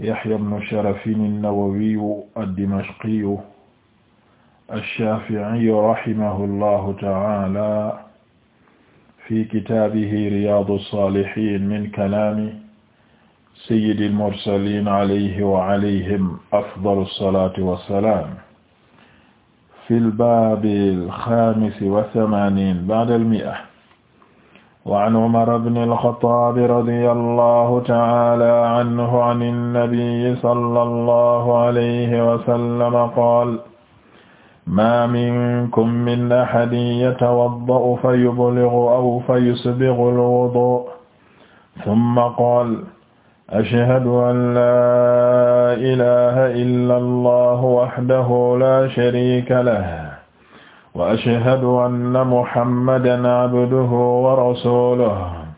يحيى بن شرف النووي الدمشقي الشافعي رحمه الله تعالى في كتابه رياض الصالحين من كلام سيد المرسلين عليه وعليهم أفضل الصلاة والسلام في الباب الخامس والثمانين بعد المئة wa an umar ibn al-Khattab radiyallahu ta'ala anhu an an-nabiy sallallahu alayhi wa sallam qaala ma minkum min ahadin yatawadda'u fayublighu aw fayusbighu al-wudu'a thumma qaala ashhadu an la ilaha illa allah wahdahu la sharika lahu wa ashhadu anna muhammadan abduhu wa rasuluhu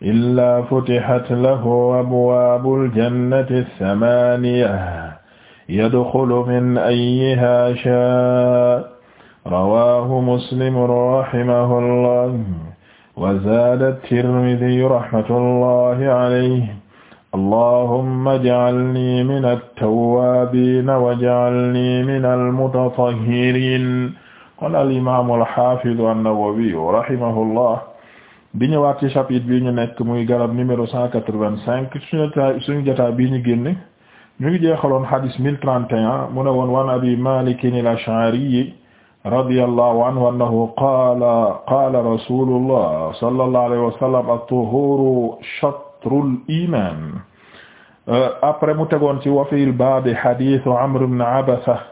illaa futihat lahu abwaabul jannati samaaniya yadxulu min ayyihaa shaa rawaahu muslimun rahimahullah wa zaada tirmidiyu rahmatullahi alayhi allahumma ij'alnii mina at-tawwaabiina waj'alnii mina al-mutatahhiriin kon al imaamu al xaafidu an-Nawawi rahimahullah di ñëwaat ci chapitre bi ñu nekk muy garab numéro cent quatre-vingt-cinq suñu jotaay suñu jotaay bii ñu génne ñu ngi jeexaloon xadis mille trente et un mu ne woon wan abi Maalik al-Ash'ari radiyallahu anhu annahu qaala qaala rasulullah sallallahu alayhi wa sallam at-tuhuru shatrul iimaan euh, après mu tegoon ci wa fil baabi xadiisu Amr ibn Abasa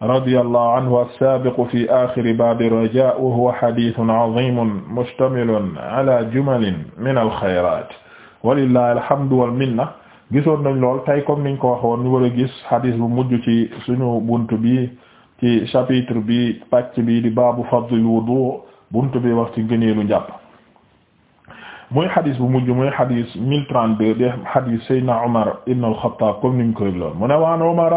radiyallahu anhu as-saabiqu fi aaxiri baabi rajaa wa huwa hadiisun aziimun mushtamilun alaa jumalin min al-xayraat walillaahi alhamdu wal minna gisoon nañ lool tey comme niñ ko waxoon ñu war a gis hadis bu mujj ci suñu buntu bi ci chapitre bi pàcc bi di baabu fadlil wudu buntu bi wax ci ngëneelu njàpp muy hadis bu mujj muy hadis 1032 de hadis Seydina Umar ibn al-Khattab comme niñ koy lool mu ne waan Umar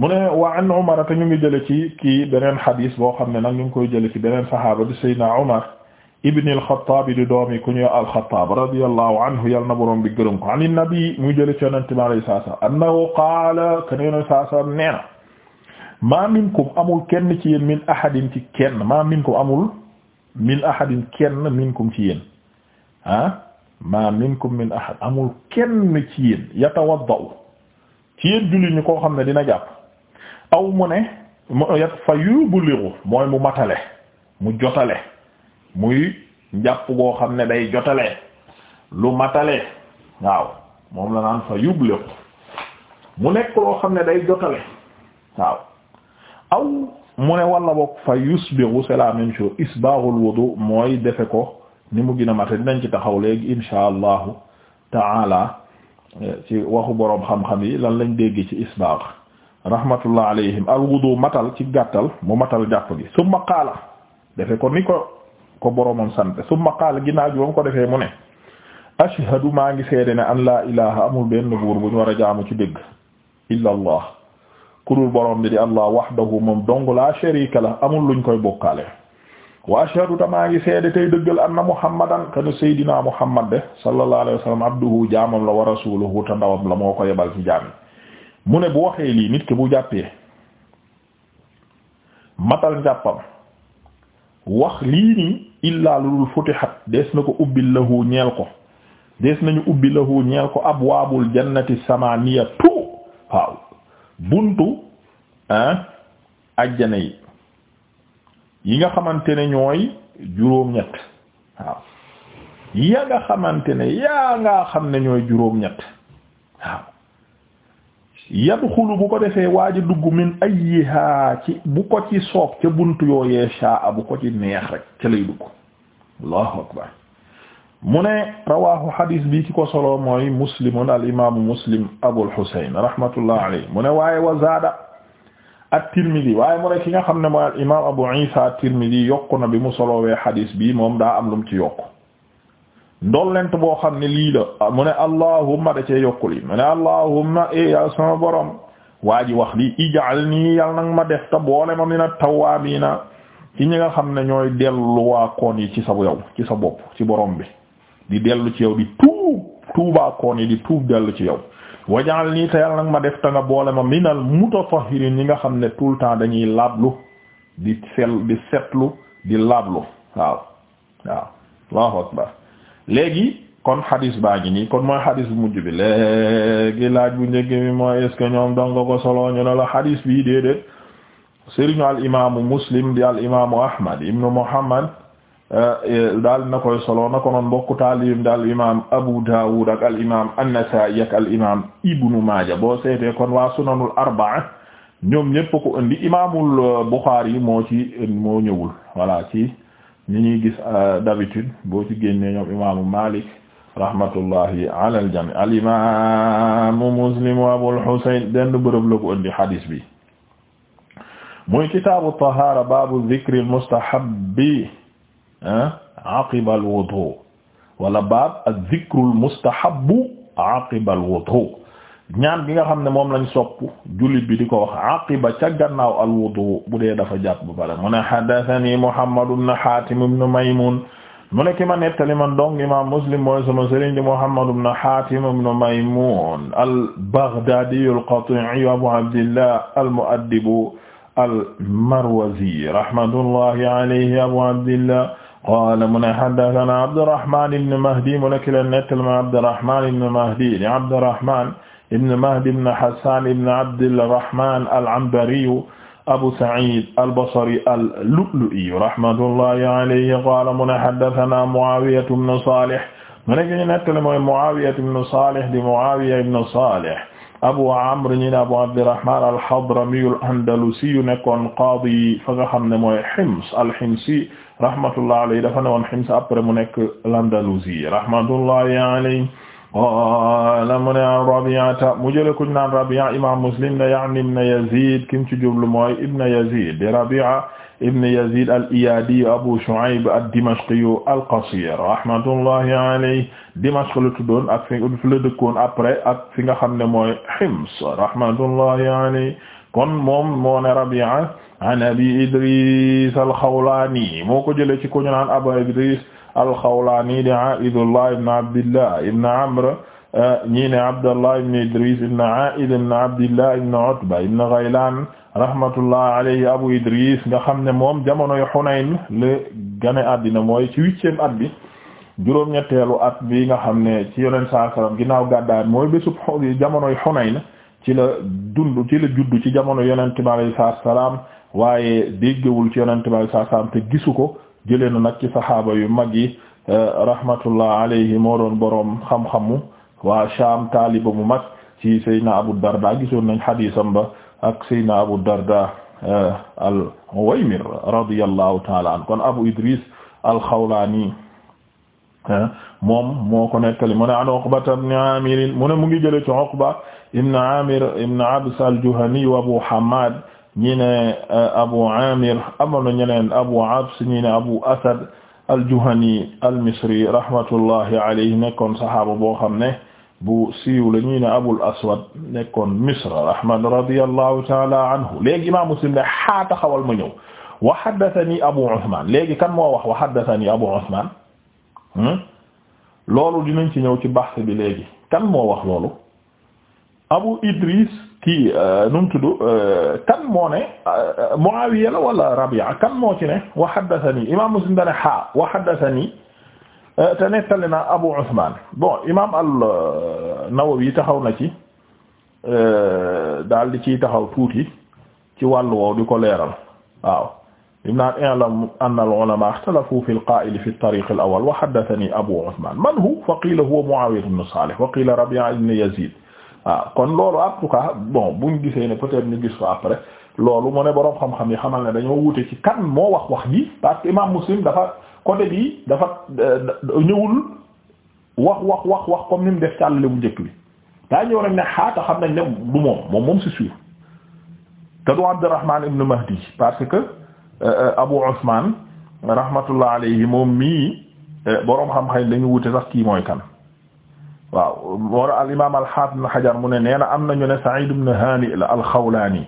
mu ne wa an Umar te ñu ngi jële ci kii beneen xadis boo xam ne nag ñu ngi koy jële ci beneen sahaaba bi Seydina Umar ibn al-Khattab di doomi ku ñu al-Khattab radiyallahu anhu yàlla na boroom bi gërëm ko an nabi muy jële ci yonente bi alayhi salaatu salaam annahu qaala kene yonent salai sallam nee na ma minkum amul kenn ci yéen min ahadin ci kenn ma minkum amul min ahadin kenn minkum ci yéen ah ma minkum min ahad amul kenn ci yéen yatawaddau ci yéen julli ñu koo xam ne dina jàpp aw mu ne mu yat fa yubliru mooy mu matale mu jotale muy njàpp goo xam ne day jotale lu matale waaw moom la naan fa yubliru mu nekk loo xam ne day jotale waaw aw mu ne walla boog fa yusbiru c'est la même chose isbaarul wudu mooy defe ko ni mu gën a mate dinañ ci taxaw léegi insha allahu taala eh, ci waxu boroom xam-xam yi lan lañ déggee ci isbaar rahmatullah alayhim alwudu matal ci gàttal mu matal jàpp gi summa qaala defe ko ni ko ko boromam sant summa qaala ginnaaw bi ba ko defee mu ne ashhadu maa ngi seede ne an laa ilaha amul benn buur bu ñu war a jaamu ci dégg illa allah kudul borom bi di allah wahdahu moom dong la sharika la amul luñ koy bokkaale wa ashhadu ta maa ngi seede tey dëggal anna muhammadan kana saydina muhammad de sallallahu alayhi wa sallam abduhu jaamam la wa rasuluhu ta ndawam la moo ko yebal ci jaami mu ne bu waxee lii nit ki bu jàppee matal njàppam wax lii nii illaa lulul futihat dees na ko ubbil lahu ñeel ko dees nañu ubbi lahu ñeel ko abwaabul jannati samaniyatu waaw buntu ah ajjana yi yi nga xamante ne ñooy juróom-ñett waaw ya nga xamante ne yaa nga xam ne ñooy juróom-ñett yadxulu bu ko defee waa ji dugg min ayyiha ci bu ko ci soob ca buntu yooyee shaa bu ko ci neex rek ca lay dugg allahu akbar mu rawaahu hadis bi ki ko solo mooy muslimun al imaamu muslim abul husayn rahmatullah alayhi mu ne waaye wa zaada at-tirmidhi waaye mu ki nga xam ne mooy al imaam abu isa at-tirmidhi na bi mu solowee hadis bi moom daa am lum ci yokku lent boo xam ne lii la ah, mu ne allahumma da cee yokkul yi mu ne allahumma e eh, ya sama borom waa ji wax li ij'alni yal nag ma def ta boole ma mina tawaabiina ci ñi nga xam ne ñooy delluwaakoon yi ci sa yow ci sa bopp ci borom bi di dellu ci yow di tuub koon yi di tuub dellu ci yow nii te yal nag ma def ta nga boole ma minal mutatahhirin ñi nga xam ne tout le temps dañuy laablu di sel di setlu di laablu waaw waaw allahu akbar léegi kon xadis baa ngi nii kon mooy xadis mujj bi léegi laaj bu njëkk bi mooy est ñoom donga ko solo ñu la xadis bii déedéet sëriñu al imaamu muslim di al imaamu ahmad ibnu muhammad eh, daal na koy solo na ko noon mbokku taalim di al imaam abu daawud al imaam an-nasaa'i al imaam ibnu maaja boo seetee kon waa sunanul arbaa ñoom ñépp ko indi imaamul buxaari moo ci moo ñëwul voilà ci ni ñuy gis euh, d'habitude boo ci génnee ñoom imaamu Malik rahmatullahi ala al-jami' al-imaamu Muslim wa Abul Husayn benn bërëb la ko indi hadis bi muy kitaabu tahaara baabu dhikri al-mustahabbi aqiba al-wudu wala baab adh-dhikru al-mustahabbu aqiba al-wudu ñaan gi nga xam ne moom lañ sopp jullit bi di ko wax aqiba ca gannaaw alwudu bu dee dafa jàpp ba pare mu ne hadathani Muhammad ibn Hatim ibn Maymun mu ne ki ma nettali man dong imam Muslim mooy sama sëriñ di Muhammad ibn Hatim ma Maymun al-Baghdadi al-Qati'i Abu Abdillah al-Mu'addib al-Marwazi rahmatullahi alayhi Abu Abdillah qaala mu ne hadathana Abdurrahman Mahdi mu ki la nettali ma Abdurrahman ibn Mahdi ibn Hassan ibn Abdirrahman al-Anbariyu Abu Saïd al-Basri al-Lu'lu'i rahmatullahi alayhi qaala mu ne haddathana Mu'awiya ibn Salih mu nekk ñu nettali mooy Mu'awiya ibn Salih di Mu'awiya ibn Salih Abu Amr ñi ne Abu Abdirrahman al-Hadrami al-Andalusi nekkoon qaadi fa nga xam ne mooy Hims al-Himsi rahmatullahi alayhi dafa newoon Hims après mu nekk al-Andalusi rahmatullahi alayhi qaala mu ne an rabiata mu jële kuñ naan rabia imam muslim ne yaani ibn yazid kim ci jublu mooy ibn yazid de rabia ibn yazid al iyadi abu shu'ayb ad dimashqi al-qasir rahmatullahi alayhi dimashq la tuddoon ak fi la dëkkoon après ak fi nga xam ne mooy hims rahmatullahi alayhi kon moom moo ne rabia an abi idris al-xawlaani moo ko jële ci kuñ naan abu idris alxawlaani di Aa'idullah ibn Abdillah ibn Amr ñii ne Abdallah ibn Idris ibn Aa'id ibn Abdillah ibn Utba ibn Ghaylan rahmatullah Abu Idris nga xam ne moom jamonoy Hunayn la gane àddina mooy ci huitième at bi juróom-ñetteelu at bi nga xam ne ci Yonent saa sallam ginnaaw gàddaay mooy bésub jamonoy Hunayn ci la dund ci la juddu ci jamono Yonent bi salaam waaye déggewul ci Yonent bi alayhi salaam te gisu ko. jëlee na nag ci saxaaba yu mag yi eh, rahmatullah alayhi moo doon boroom xam-xamu waa Shaam taaliba bu mag ci Seydina Abu Abu Darda eh, al-Uwaymir radiyallahu taala Abu Idris al-Xawlaani eh, moom moo ko nettali mu ne an Uqbata ibn Aamir mu ne mu ngi jëlee ci al-Juhani wa Abu Hammaad ñi ne euh, Abu Amir ñeneen Abu Abu Asad al-Juhani al-Misri rahmatullahi alayhi nekkoon saxaaba boo xam ne bu siw la ñi ne Abul Aswad nekkoon Misr rahman radiyallahu ta'ala anhu léegi imaam Muslim ne xaa taxawal ma ñëw wa haddathani Abu Uthman léegi kan moo wax wa haddathani Abu Uthman hmm? loolu dinañ ci ñëw ci bahth bi léegi kan moo wax loolu Abu Idris kii euh, nu mu tudd euh, kan moo ne euh, Muawiya la wala Rabi'a kan moo ci ne wa haddathani imaam Muslim dana ha wa haddathani te nettali na Abu Usman bon imaam an-Nawawi taxaw na ci daal di ciy taxaw tuuti ci wàllu woowu di ko leeral waaw im naan i'lam anna al-ulama ikhtalafu fi al-qa'il fi at-tariq al-awwal wa haddathani Abu Usman man hu fa qila huwa Muawiya ibn Salih wa qila Rabi'a ibn Yazid waaw kon loolu en tout cas bu ñu gisee ne peut-être ñu gis ko après loolu mu ne boroom xam-xam yi xamal na dañoo wute ci kan moo wax wax ji parce que imam Muslim dafa côté bi dafa euh, ñëwul wax wax wax wax comme ni mu def càllale bu njëkk bi daa ñëw rek ne xaata xam nañ ne du moom moom moom c'est sûr te du Abdurrahman ibn Mahdi parce que euh, Abu Usman rahmatullah alayhi moom mii euh, boroom xam-xam dañu wute sax kii mooy kan waaw war al imaam al haafid ibn Hajar mu ne nee na am nañu ne Sa'id ibn Hani la al-Khawlani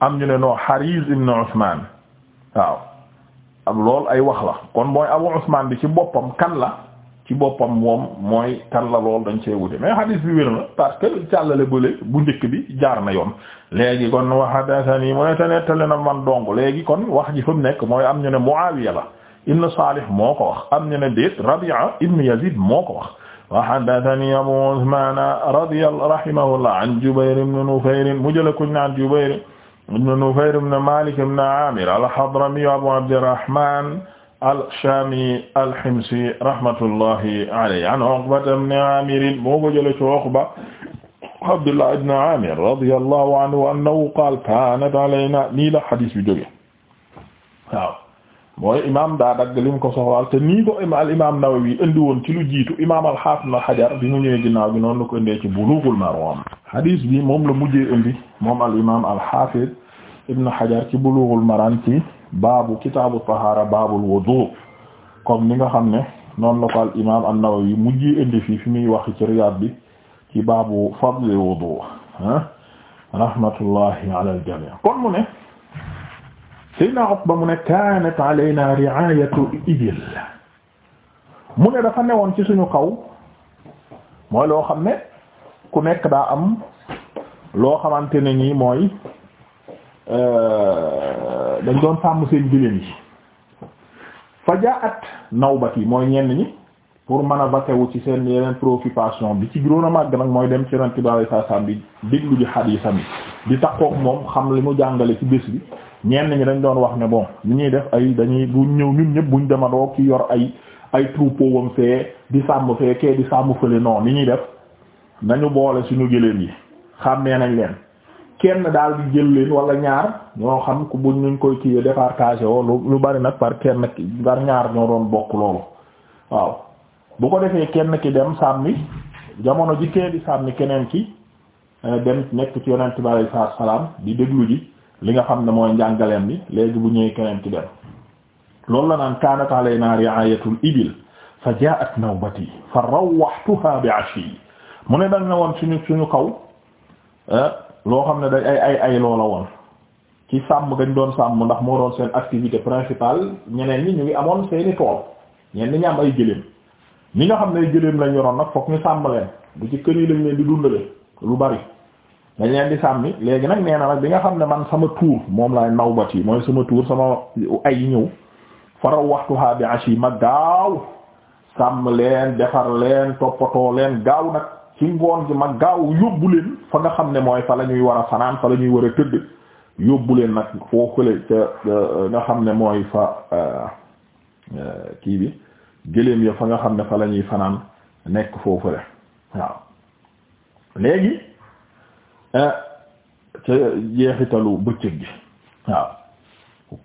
am ñu ne noo Hariz ibn Usman waaw lool ay wax la kon mooy Abu Usman bi ci boppam kan la ci boppam moom mooy kan la loolu dañ cee wute mais hadis bi wér na parce que càllale bële bu njëkk bi jaar na yoon léegi kon wa hadathani mu ne te nettali na man dong léegi kon wax ji fa mu nekk mooy am ñu ne Muawiya la ibn Salih moo ko wax am ñu ne déet Rabi'a ibn Yazid moo ko wax wa haddathani abu usman radiyallahu rahimahullah an jubair ibn nufayr mu jël ko naan jubair ibn nufayr ibn malik ibn amir al-hadrami abu abdirrahman al-shami al-himsi rahmatullahi alayhi an uqbata ibn amir moo ko jël ci uqba abdullah ibn amir radiyallahu anhu annahu qala kanat alayna nii la hadis bi jóge waaw mooy imam daa dagg lim ko soxlaal te nii ko al imam Nawawi indi woon ci lu jiitu imam al-Hafiz na Hajar bi mu ñëwee ginnaaw bi noonu la ko indee ci Bulughul Maram hadis bi moom la mujjee indi moom al imam al-Hafiz Ibn Hajar ci Bulughul Maram ci baabu kitaabu tahaara baabul wudu comme ni nga xam ne noon la ko al imam an-Nawawi mujjee indi fii fi muy wax ci Riyad bi ci baabu fadli wudu ah rahmatullahi ala al kon mu ne Seydina Uqba mu ne kaanat alaynaa ri'aayatu ibil mu ne dafa newoon ci suñu kaw mooy loo xam ne ku nekk daa am loo xamante ne nii mooy euh, dañ doon sàmm seen giléem yi fa jaa'at yi mooy ñenn ñi pour mën a batewu ci seen yeneen préoccupation bi ci gënoon a màgg nag mooy dem ci rent bi alayhi salaam bi déglu ji xadiisam yi di takkook moom xam li mu jàngale ci bés bi ñenn ñi dañ doon wax ne bon ni ñuy def ay dañuy bu ñëw ñun ñëpp buñ demandoo ki yor ay ay troupeau wam fee di sàmm fee kee di sàmm fële non li ñuy def nañu boole suñu gëléem yi xàmmee nañ leen kenn daal di jël leen wala ñaar ñoo xam ku buñ nuñ koy kiiwee départage woo lu bari nag par kenn par ñaar ñoo doon bokk loolu waaw bu ko defee kenn ki dem sàmmi jamono ji kee di sàmmi keneen ki eh, dem nekk ci yonent bi alayhi salaatu di déglu ji li nga xam ne mooy njàngaleem bi léegi bu ñëwee keneen ki dem loolu la naan kaanat alaynaa ri'aayatul ibil fa jaa'at nawbati fa rawwahtuhaa bi ashiyyi mu ne dañ ne woon suñu suñu kaw eh, loo xam ne day ay ay ay loola woon ci sàmm gañ doon sàmm ndax moo doon seen activité principale ñeneen yi ñu ngi amoon seeni tool ñenn ñi am ay gëléem ñi nga xam ne gëléem lañ yoroon nag fokk ñu sàmm leen bu ci kër yi lañ leen di dundale lu bari dañ leen di sàmmi léegi nag nee na bi nga xam ne man sama tuur moom laay nawbat yi mooy sama tuur sama ay ñëw faraw waxtuha bi ashi ma gaaw sàmm leen defar leen toppatoo leen gaaw nag ci ngoon gi ma gaaw yóbbu leen fa nga xam ne mooy fa la ñuy war a fanaan fa la ñuy war a tëdd yóbbu leen nag foo fële ca euh, nga xam ne mooy fa euh, euh, kii bi gëléem ya fa nga xam ne fa la ñuy fanaan nekk foofu le waaw léegi eh, jeexitalu bëccëg gi waaw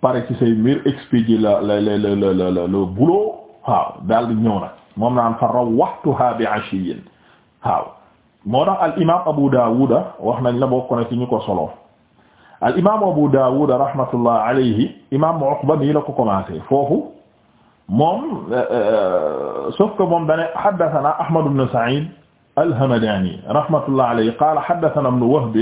pare ci say mbir expédier la la la la la la waaw daal ñëw nag moom naan fa rawwahtuha bi ashiyin waaw moo tax al imaam Abu Dawud wax nañ la bokk na ci ñu ko solo al imaam Abu Dawud rahmatullah alayhi imaam Uqba nii la ko commencé foofu. moom euh, euh, sauf que moom dane haddathana Ahmad ibn Sa'id al-Hamadani rahmatullah alayhi qala haddathana ibn Wahb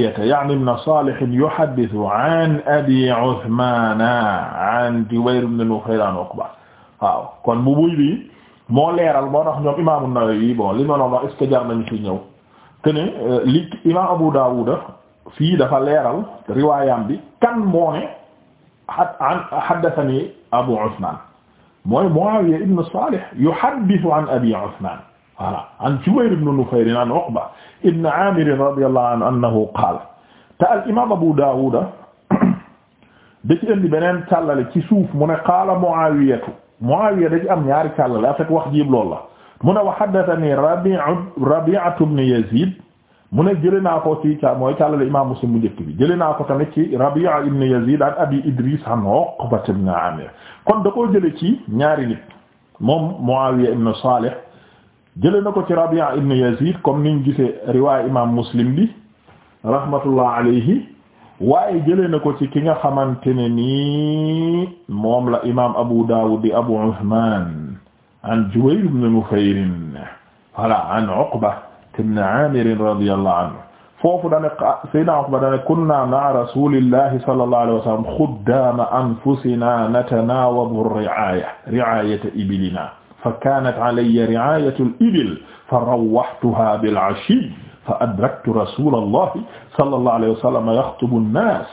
ya'ni ibn Salih yuhaddithu an Abi Uthman an Jubayr ibn Nukhayran Uqba waaw kon bu buy bi moo leeral moo tax ñoom imam an-Nawawi bon li nañu fi ñëw te euh, imam Abu Dawud fii dafa leeral riwaayam bi kan moo haddathani Abu Usman mooy Muawiya ibn Salih yuhaddithu an Abi Usman voilà an Jubayr ibn Nufayr an Uqba ibn Amir radiyallahu anhu annahu qaala te al imaam Abu Dawud da ci indi beneen càllale ci suuf mu ne qaala Muawiyatu Muawiya da ci am ñaari càllale en fait wax jiib loolu la mu ne wa haddathani Rabi'u Rabi'atu ibn Yazid mu ne jëlee naa ko ci ca mooy càllale imam Muslim mu njëkk bi jëlee naa ko tamit ci Rabi'a ibn Yazid an Abi Idris an Uqba ibn Amir kon da jële ci ñaari nit moom Muawiya ibn Salih jëlee na ko ci Rabi'a ibn Yazid comme niñ gisee riwaay imam Muslim bi rahmatullah alayhi waaye jële na ko ci ki nga xamante ne nii moom la imam Abu Dawud di Abu Uthman an Jubayr ibn Nufayr voilà an Uqba ibn Aamir radiyallahu anhu foofu dane Seydina Uqba dane kunna ma'a rasulillahi sallallahu alayhi wa sallam khuddaama anfusina natanaawabu ri'aaya ri'aayata ibilina فكانت علي رعاية الإبل فروحتها بالعشي فأدركت رسول الله صلى الله عليه وسلم يخطب الناس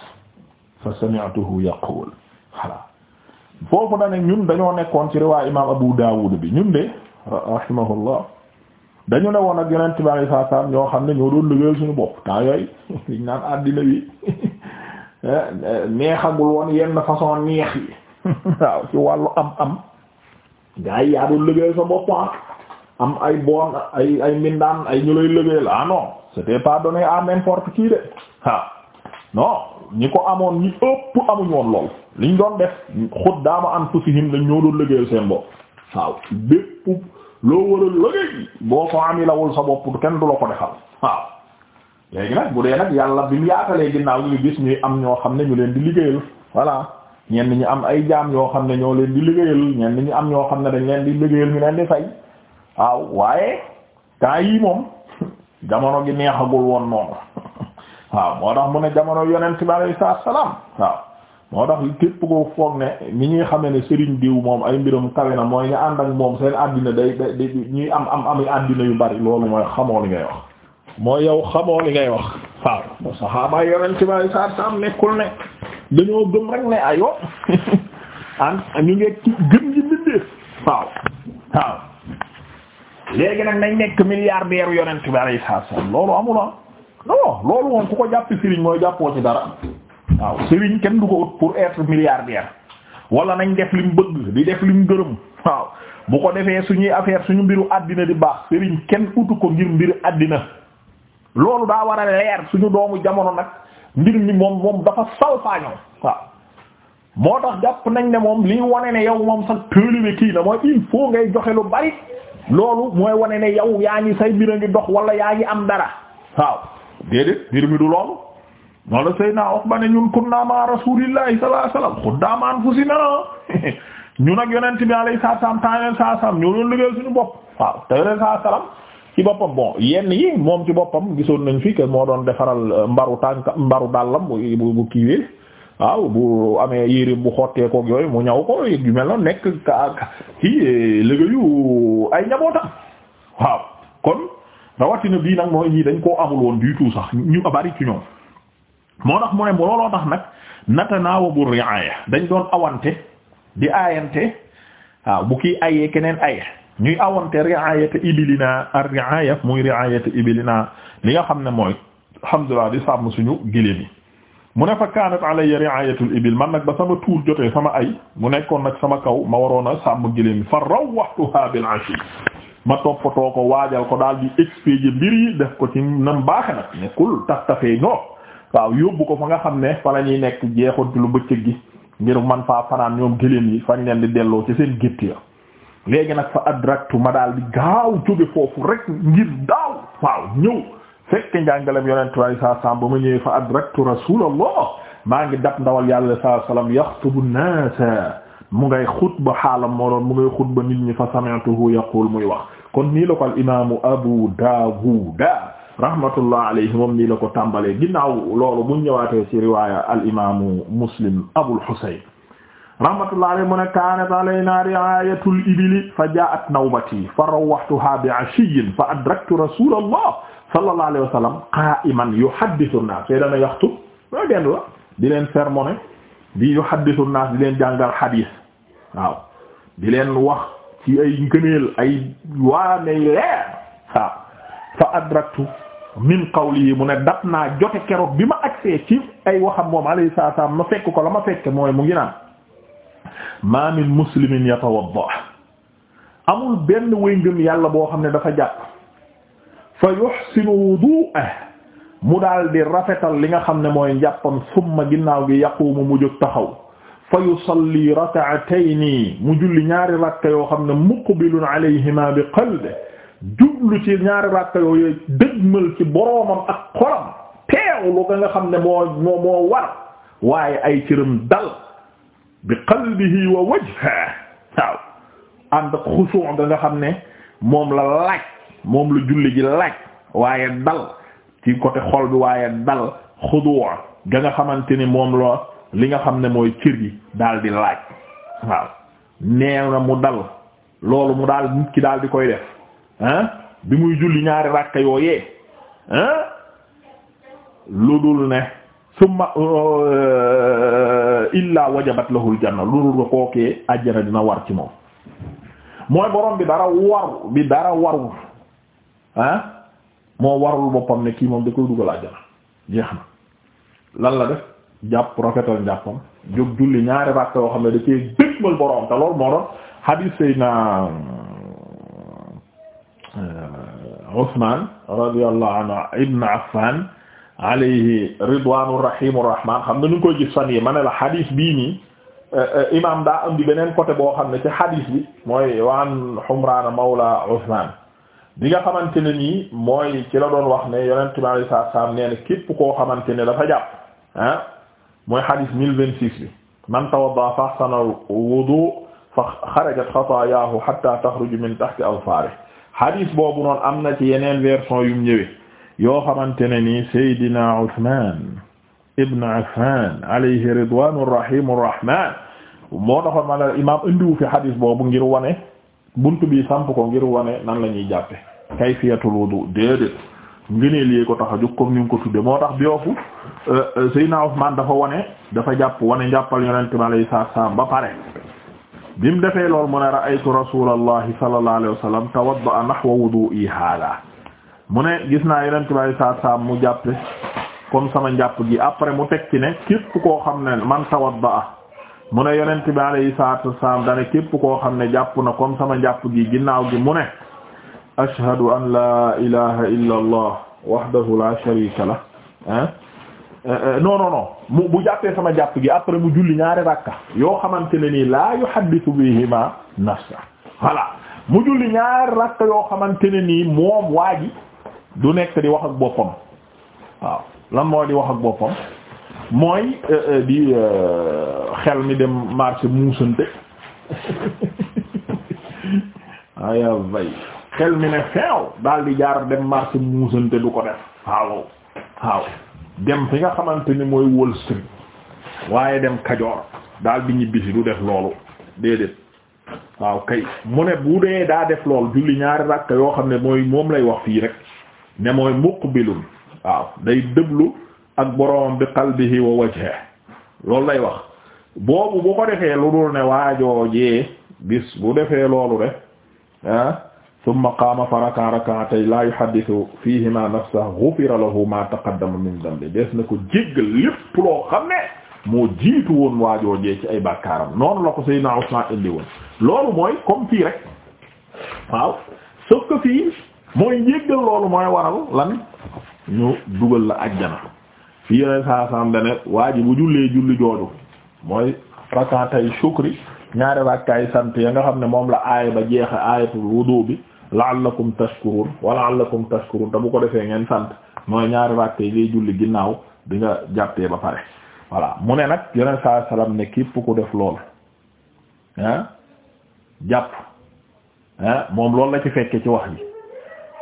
فسمعته يقول voilà foofu da ne ñun dañoo nekkoon ci riwaa imaam Abu Daawud bi ñun de rahimahullah dañu ne woon ak yonent bi ñoo xam ne ñoo doon liggéeyal suñu bopp temps yooyu liñ naan àddina bi eh, eh, neexagul woon yenn façon neex yi waaw ci wàllu am am gaa yi yaa doon liggéeyal sa bopp ah. am ay bon ay ay mindaan ay ñu lay liggéeyal ah non c'était pas donné à n'importe kii de non ñi ko amoon ñi ëpp amuñu woon lool liñ doon def xuddaama anfusihim lañ ñoo doon liggéeyal seen bopp waaw bépp loo war a lëgéey boo ko amilawul sa bopp kenn du la ko defal waaw léegi nag bu dee nag yàlla bi mu yaatalee ginnaaw ñu gis ñuy am ñoo xam ne ñu leen di liggéeyal voilà ñenn ñi am ay jaam yoo xam ne ñoo leen di liggéeyal ñenn ñi am ñoo xam ne dañ leen di liggéeyal ñu leen di fay waaw waaye temps yii moom jamono gi neexagul woon noonu waaw moo tax mu ne jamono yonent bi alayhi salaam waaw moo tax képp ko foog ne ñi ñuy xamee ne sëriñ diw moom ay mbiram kawe mooy nga ànd moom seen àddina day day ñuy am am ami àddina yu bari loolu mooy xamoo li ngay wax mooy yow xamoo li ngay wax waaw saxaaba yonent bi sallallahu alayhi wasallam nekkul ne dañoo gëm rek ne ayo an ñu ngi ci nag nañ nekk milliardaire u yonent bi sallallahu loolu amul ah. loolu moom ku ko jàppi sëriñ mooy jàppoo ci dara waaw sëriñ kenn du ko ut pour être milliardaire wala nañ def lim bëgg di def lim gërëm waaw bu ko defee suñuy affaire suñu mbiru àddina di baax sëriñ kenn utu ko ngir mbiru àddina loolu daa war a leer suñu doomu jamono nag mbir mi moom moom dafa salfaañoo waaw moo tax jàpp nañ ne moom liy wane ne yow moom sax tëlibe kii na mooy il ngay joxe lu bari loolu mooy wone ne yow yaa ngi say mbir a ngi dox wala yaa ngi am dara waaw déedéet mbir mi du moo naa Seydina Uqba ne ñun kunna ma rasuulillahi sallallahu alayhi wasallam xuddaama anfusina ñu nag yonent bi alayhi salaam temps yonent saa salaam ñoo doon liggéeyal suñu bopp waaw te yonent saa salaam ci boppam bon yenn yi moom ci boppam gisoon nañ fii que moo doon defaral euh, mbaru tànk mbaru dàllam bu bu kiiwee waaw bu amee yére bu xotteekook yooyu mu ñaw ko yu mel noonu nekk ka kii euh, liggéeyu ay njabootam waaw kon rawatina bii nag mooy ñii dañ koo amul woon du tout ci moo tax mu ne looloo tax nag natanaawabu ri'aaya dañ doon awante di aayante waaw bu kii ayee keneen aye ñuy awante ri'aayata ibilina ar ri'aaya muy ri'aayata ibilina li nga xam ne mooy xam alhamdulillah di sàmm suñu gëléem yi mu ne fa kaanat alayya ri'aayatul ibil man nag ba sama tuur jotee sama ay mu nekkoon nag sama kaw ma waroon a sàmm gëléem fa rawwahtuha bil ashi ma toppatoo ko waajal ko daal di expédier mbir def ko ci nam baaxe nag nekkul taf tafee ñoo waaw yóbbu ko fa nga xam ne fa la ñuy nekk jeexut lu bëccëg gi ngir man faa fanaan ñoom gëléem yi fañ leen di delloo ci seen gétt ya léegi nag fa adraktu ma daal di gaaw jóge foofu rek ngir daaw waaw ñëw fekk njàngalem yonent way saa sam ba ma ñëwee fa adraktu rasulallah maa ngi dab ndawal yàlla saa sallam yaxtubu naasa mu ngay xutba xaalam moo doon mu ngay xutba nit ñi fa sami'tuhu yaqul muy wax kon nii la ko al imaamu abu daawuda rahmatullah alayhi moom nii la ko tàmbalee ginnaaw loolu buñ ñëwaatee ci riwaaya al imaamu muslim abul husayn rahmatullah alayhi mu ne kaanat alaynaa ri'aayatul ibili fa jaa'at nawbatii fa rawwahtuhaa bi'ashiyyin fa adraktu rasuulallah sallallahu alayhi wa sallam qaa'iman yuhaddithu an-naas fee dana yaxtu loo genn la di leen sermoné di yuhaddithu an-naas di leen jàngal xadiis waaw di leen wax ci ay ngëneel ay waane leer fa adraktu min qawlihi mu ne dab naa jote keroog bi ma agsee ci ay waxam moom alayhi salaam ma fekk ko la ma fekk mooy mu ngi naan ma min muslimin yatawadda amul benn way ngëm yàlla boo xam ne dafa jàpp fa yuhsinu wudu'ah mu daal di rafetal li nga xam ne mooy njàppam summa ginnaaw gi yaqumu mu jóg taxaw fa yusalli rak'atayni mu julli ñaari rakka yoo xam ne muqbilun alayhima bi qalbi jublu ci ñaari ràkka yooyu dëgmal ci boroomam ak xolam teew lu ko nga xam ne moo moo moo war waaye ay cëram dal bi qalbihi wa wajha waaw ànd ak xusuux nga xam ne moom la laaj moom la julli ji laaj waaye dal ci côté xol bi waaye dal xudu' ga nga xamante ni moom la li nga xam ne mooy cër yi daal di laaj waaw neew na mu dal loolu mu daal nit ki daal di koy def ah bi muy julli ñaari rakka yooyee ah lu dul ne summa euh, illa wajabat lahul janna lu dul nga kookee àjjana dina war ci moom mooy borom bi dara waru bi dara warul ah moo warul boppam ne kii moom da koy dugal àjjana jeex na lan la def jàpp rafetal njàppam jóg julli ñaari rakka yoo xam ne da cee dëgmal borom te loolu moo doon hadith sayna Usmaan radiyallahu anhu ibn Affan alayhi ridwaanu rahimu rahmaan xam nga ñu ngi koy gis fan yi ma ne la xadiis bii nii imaam daa am di beneen côté boo xam ne ci xadiis bi mooy waan Humraana mawla Usmaan bi nga xamante ne nii mooy ci la doon wax ne yonent bi alayhi salaatu salaam nee na képp koo xamante ne dafa jàpp ah mooy xadiis mille vingt six bi man tawadda'a fa ahsana wudu fa xarajat xataayaahu hatta taxruju min tahti azfaarihi hadis boobu noonu am na ci yeneen version yum ñëwee yoo xamante ne nii Seydina Usmaan ibn Affaan alayhi ridwaanu moo taxoon ma imaam indiwu fi hadis boobu ngir wane buntu bi samp ko ngir wone nan lañuy jàppe kayfiyatul wudu déedéet ngëneel ko tax a jóg ko tudde moo tax biyoofu euh, euh, Seydina Usmaan dafa wane dafa jàpp wane jàppal yonent bi alayhi salaam ba pare bi mu defee lool mu ne ra'aytu rasulallahi sallallahu alayhi wa sallam tawadda'a nahwa wudu'i haadaa mu ne gis naa yeneen tubaab yi saa mu jàppe comme sama njàpp gi après mu teg ci ne képp koo xam ne man tawadda'a mu ne yonent bi alayhi salaatu wassalaam képp koo xam ne jàpp na comme sama njàpp gi ginnaaw gi mu ne ashhadu an laa ilaha illa allah wahdahu la sharika lah Euh, euh, non non mu bu jàppee sama jàpp gi après mu julli ñaari rakka yoo xamante ne nii laa yuhaddithu bihima nafsa voilà mu julli ñaari rakka yoo xamante ne nii moom waa ji du nekk di wax ak boppam waaw lan mooy di wax ak boppam mooy euh, di xel mi dem marché muusante aya vay xel mi ne feew daal di jaar dem marché muusante du ko def waaw waaw dem fi nga xamante ni mooy wol sëriñ waaye dem kajoor daal di ñibbisi du def loolu déedéet waaw kay mu ne bu dee daa def lool julli ñaari rakk yoo xam ne mooy moom lay wax fii rek ne mooy muqbilun waaw day dëblu ak boroomam bi qalbihi wa wajhi loolu lay wax boobu bu ko defee lu dul ne waajoojee bis bu defee loolu de summa qaama fa raka rakaatay laa yuhaddisu fiihimaa nafsahu ghufira lahu maa taqaddama min dambi des na ko jéggal lépp loo xam ne moo jiitu woon waajoojee ci ay bàkkaaram noonu la ko Seydina Usmaan indi woon loolu mooy comme fii rek waaw sauf fii mooy njéggal loolu mooy waral lan ñu dugal la ajjana fii yeneen saa saam dane waa ji bu jullee julli jooju mooy rakaatay shukri ñaari rakkaay sant ya nga xam ne moom la aaya ba jeexa aayatul wudu bi la'allakum tashkurun wa la'allakum tashkurun te bu ko defee ngeen sant mooy ñaari rakk yi ngay julli ginnaaw bi nga jàppee ba pare voilà mu ne nag yeneen saa salaam ne képp ku def lool ah jàpp ah moom loolu la ci fekke ci wax ji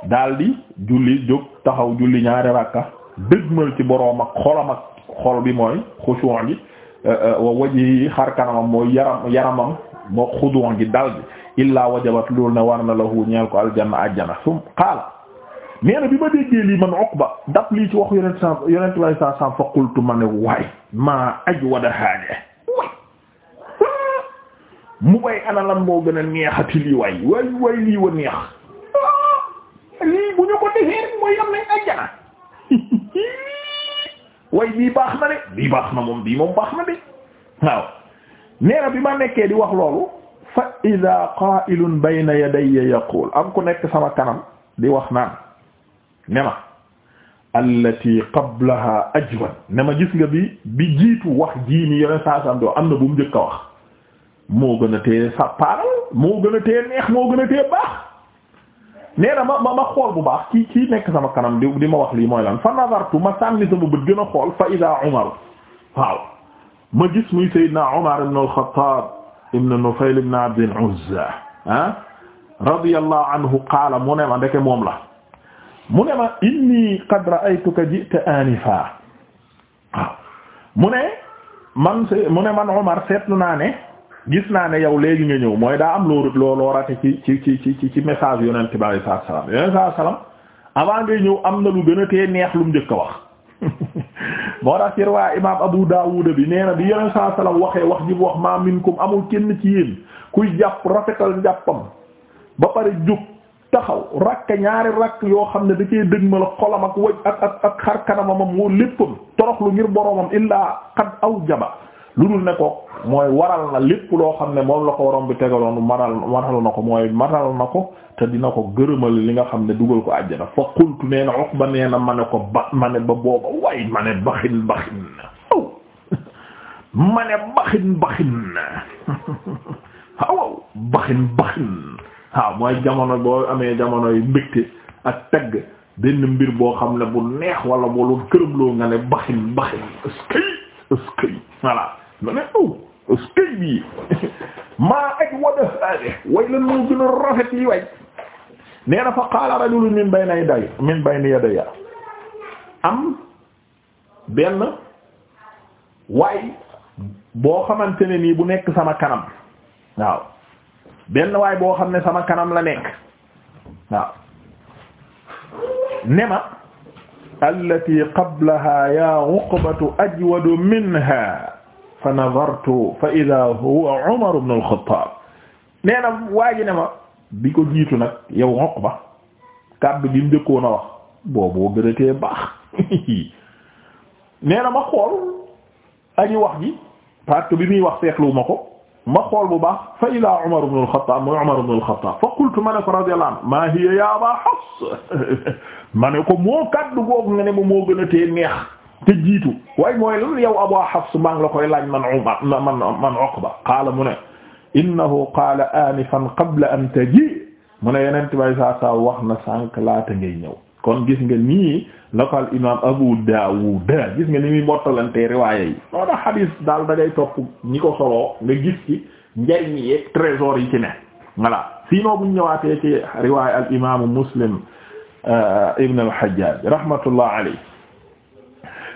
daldi julli jóg taxaw julli ñaari rakka dëgmal ci boroom ak xolam ak xol bi mooy xushuun eh, eh, waji xar kanamam mooy yaram yaramam moo xuduun daldi illaa wajabat loolu ne war na lahu ñeel ko aljanna ajjana sum qaala nee bi ma déggee lii man Uqba daf lii ci wax yonent sa yonent way sa sam fa qultu ma ne waay maa ajwada haade mu bay analan moo gën a neexati lii waay waay waay lii wa neex ah, lii bu ñu ko defee mooy am nañ ajjana way bii baax na de bii baax na moom bii moom baax na de waaw nee bi ma nekkee di wax loolu fa ida qaa'ilun bayna yadayya yaqul am ku nekk sama kanam di wax naan ne ma allati qablaha ajwan ne ma gis nga bi bi jiitu wax jii nii yeneen saa sam doo am na bu mu njëkk a wax moo gën a tee sàppaaral moo gën a tee neex moo gën a tee baax nee na ma ma ma xool bu baax kii kii nekk sama kanam di di ma wax lii mooy lan fa nazartu ma sànni sama bët gën a xool fa ida Umar waaw ma gis muy Seydina Umar ibn al-Khattab ibn Nufayl ibn Abd al-Uzza ah anhu qaala mu ne ma ndeke moom la mu ne ma inni qad ra'aytuka ji'ta anifa waaw mu ne man mu ne man Umar seetlu naa ne gis naa ne yow léegi nga ñëw mooy daa am loolu looloo rate ci ci ci ci ci message yonent bi alayhi salaam yonent bi alayhi salaam avant ngay ñëw am na lu gën a tee neex lu mu njëkk a wax moo tax ci riwaaya imaam Abu Daawuda bi nee na bi yeneen saa salaam waxee wax ji wax maa minkum amul kenn ci yéen kuy jàpp rafetal njàppam ba pare jug taxaw rakk ñaari rakk yoo xam ne da cee dëgmal xolam ak waj ak ak ak xar kanamam moo léppam toroxlu ngir boromam illaa qad awjaba lu dul ne ko mooy waral na lépp loo xam ne moom la ko waroon bi tegaloon maral maral na ko mooy maral na ko te dina ko gërëmal li nga xam ne dugal ko àjjana fa qultu nee na Uqba nee ma ne ko ba ma ne ba booba way ma ne baxin baxin aw ma ne baxin baxin awaw mooy jamono boo amee jamono yu mbégte ak tagg benn mbir boo xam ne bu neex wala boolu gërëmloo nga ne baxin baxin ëskay ëskay voilà ma ne aw skëy bii maa aj wada hade way lan moo gën a rafet li way nee na fa qaala rajulun min bayna yaday min bayna yadaya am benn waay boo xamante ne nii bu nekk sama kanam waaw benn waay boo xam ne sama kanam la nekk waaw ne ma allati qablaha ya uqbatu ajwadu minha fa nadartu fa ida huwa Umar ibn al-Khattab nee na waa ji ne ma bi ko jiitu nag yow Uqba kàddu gi mu njëkkoon a wax booboo gërëtee baax nee na ma xool aji wax ji parce que bi muy wax seetluwuma ko ma xool bu baax fa ida Umar ibn al-Khattab mooy Umar ibn al-Khattab fa qultu ma ne ko radiyallahu anhu maa hiya ya Aba Hafs ma ne ko moo kàddu googu nga ne ma moo gën a tee neex te jiitu waaye mooy lan yow Abu Hafs maa ngi la koy laaj man Umar man man Uqba qaala mu ne innahu qaala aanifan qabla an taji mu ne yeneen tibay saa saa wax na sànq laata ngay ñëw kon gis nga nii la ko al imaam Abu Daawud gis nga ni muy mottalante riwaaya yi moo tax xadiis daal da ngay topp ñi ko soloo nga gis ci njariñ yi trésor yi ci ne voilà sinon buñ ñëwaatee ci riwaaya al imaamu Muslim euh, ibn al Hajjaj rahmatullah alayhi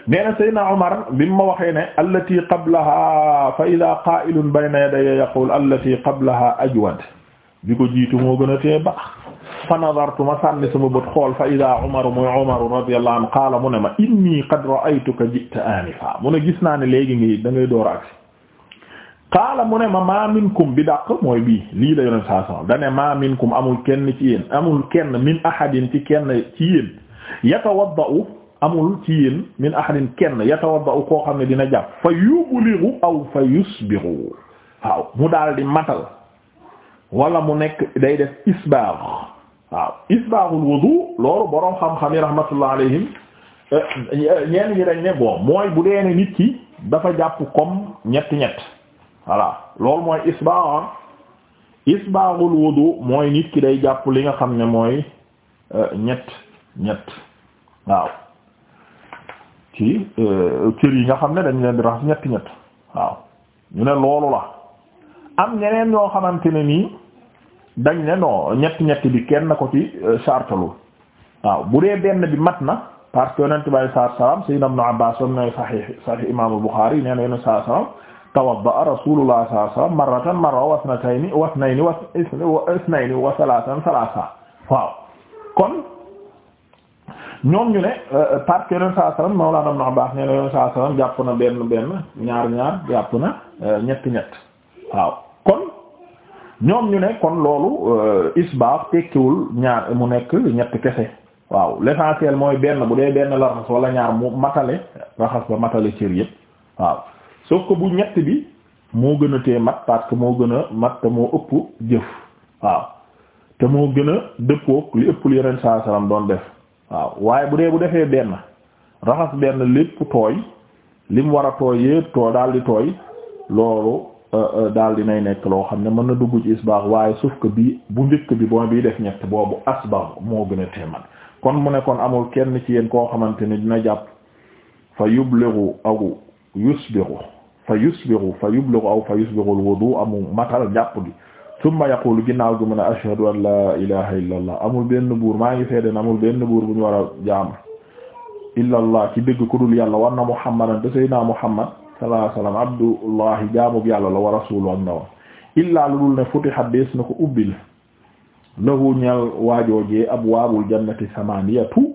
nee na Seydina Omar bi mu ma waxee ne allati qablaha fa ida qaa'ilun bayna yadayya yaqul allati qablaha ajwad bi ko jiitu moo gën a tee baax fa nadartu ma sànni sama bët xool fa ida Omar muy Omar radiyallahu anhu qaala mu ne ma inni qad ra'aytuka ji'ta anifa mu ne gis naa ne léegi ngi da ngay door aksi qaala mu ne ma ma minkum bi dàq mooy bii lii la yoneen saa san dane ma minkum amul kenn ci yéen amul kenn min ahadin ci kenn ci yéen yatawadda'u amul ci yéen min ahadin kenn yatawaddau koo xam ne dina jàpp fa yubliru aw fa yusbiru waaw mu daal di matal wala mu nekk day def isbaax waaw isbaaxul wudu loolu boroom xam-xam yi alayhim eh, ñeen ñi dañ ne bon mooy bu dee ne nit ki dafa jàpp comme ñett ñett voilà loolu mooy isbaax isbaaxul mooy nit ki day jàpp li nga xam ne mooy eh, ñett ñett waaw ci kër euh, yi nga xam ne dañ leen di raxas ñetti ñett waaw ñu ne loolu la am ñeneen ñoo xamante ne nii dañ ne non ñetti ñetti bi kenn ko ci euh, sartalu waaw bu dee benn bi mat na parce que yonent bi saa salaam sayyidna ibn Abbas am na sahih sahih imaamu Bukhari nee na yonent saa salaam tawadda'a rasulullah saa salaam marratan marra wa ithnatayni wa ithnayni wa ithnayni wa thalathan thalatha waaw kon. ñoom ñu ne euh, euh, parce que Yonent saa salaam Mawlana Ibn Abbas nee na Yonent saa salaam jàpp na benn benn ñaar ñaar jàpp na euh, ñett ñett waaw kon ñoom ñu ne kon loolu isbaax tekkiwul ñaar mu nekk ñett kese waaw l'essentiel mooy benn bu dee benn la raxas wala ñaar mu matale raxas ba matale cër yëpp waaw sauf que bu ñett bi moo gën a tee mat parce moo gën a mat te moo ëpp jëf waaw te moo gën a dëppook li ëpp li Yonent saa doon def. waaw waaye bu dee bu defee benn raxas benn lépp tooy lim war a tooy yépp tooy daal di tooy loolu euh, euh, daal di nay nekk loo xam ne mën na dugg ci isbaax waaye sauf que bii bu njëkk bi boo bii def ñett boobu asbaax moo gën a teemal kon mu ne kon amul kenn ci yéen koo xamante ni dina jàpp fa yublighu aw yusbighu fa yusbighu fa yublighu aw fa yusbighu al wudu amu matal jàpp gi summa yaqulu ginnaaw gi mu ne ashhadu an la ilaha illa allah amul benn buur maa ngi seede amul benn buur bu ñu war a jaam illa allah ci dëgg ku dul yàlla war na muhammadan te naa muhammad sallallahu alayhi wa sallam abdullahi jaamub yàlla la wa rasulu ak ndawam illaa lu dul ne futihat dees na ko ubbil lahu ñal waajoojee abwaabul jannati samaniyatu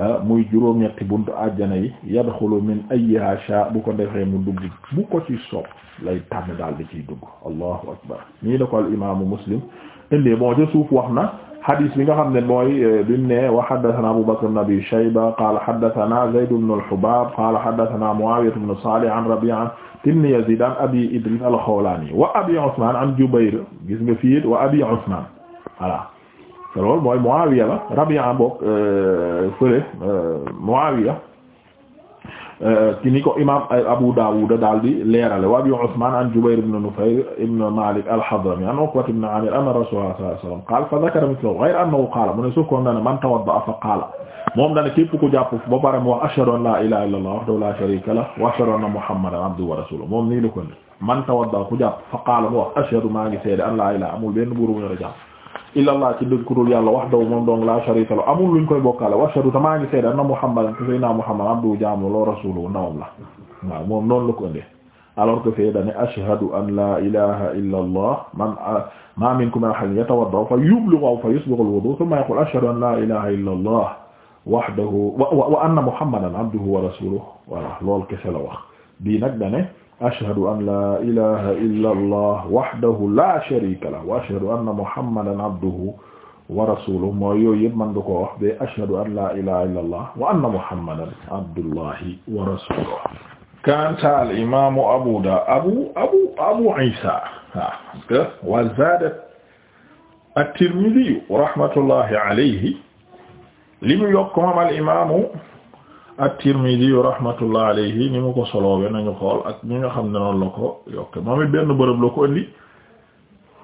Ah, muy juróom-ñetti buntu àjjana yi yadxulu min ayyiha sha bu ko defee mu dugg bu ko ci soob lay tànn daal di ciy dugg allahu akbar nii la ko al imaamu muslim indee bon ca suuf wax na hadis bi nga xam ne mooy eh, bi mu ne wa haddathana abu bakr ibn abi shayba qaala haddathana zayd ibn al-hubaab qaala haddathana muawiya ibn salih an rabi'a ibn yazid an abi idris al-khawlani wa abi usman an jubayr gis nga fiit wa abi usman voilà loolu mooy Muawiya la Rabi'a bokk euh, fële euh, Muawiya euh, ki ni ko imam Abu Dawud daal di leerale wa Abi Usman an Jubayr ibn Nufayr ibn Malik al-Hadrami an Uqbat ibn Amir anna Rasulullah sallallahu alayhi wasallam qala fa dhakara mithlahu ghayra annahu qala mu ne suuf kon dane man tawadda'a fa qala moom dane képp ku jàpp ba pare mu wax ashhadu an la ilaha illallah wahdahu la sharika lahu wa ashhadu anna Muhammadan abduhu wa rasuluhu moom nii la ko ne man tawadda'a ku jàpp fa qaala mu wax ashhadu maa ngi seede an la ilaha amul benn buur bu ñu jàpp illallah ci dëgg ku dul yàlla wahdahu moom dong la sharika lahu amul luñ koy bokkaale wa ashhadu maa ngi seede anna muhammadan te sayyidina muhammad abduhu jaamu la rasuluhu ndawam la waaw moom noonu la ko indee alors que fee dane ashhadu an la ilaha illa allah man ma minkum ahadun yatawadda fa yublighu aw fa yusbighu al-wudu thumma yaqul ashhadu an la ilaha illa allah wahdahu wa anna muhammadan abduhu wa rasuluhu voilà loolu kese la wax bii nag dane ashhadu an laa ilaha illa allah wahdahu la sharika lah wa ashhadu anna muhammadan abduhu wa rasuluhu mooy yooyu yëpp man nga koo wax ba ashhadu an la ilaha illa allah wa anna muhammadan abdullahi wa rasuluhu kaana al imam abu da abu abu abu isa wa zaada at-tirmidhi rahmatullahi alayhi li mu yokk moom al imam at-Tirmidhi rahmatullah alayhi ni mu ko soloowe nañu xool ak ñi nga xam ne noonu la ko yokke moom it benn bërëb la ko indi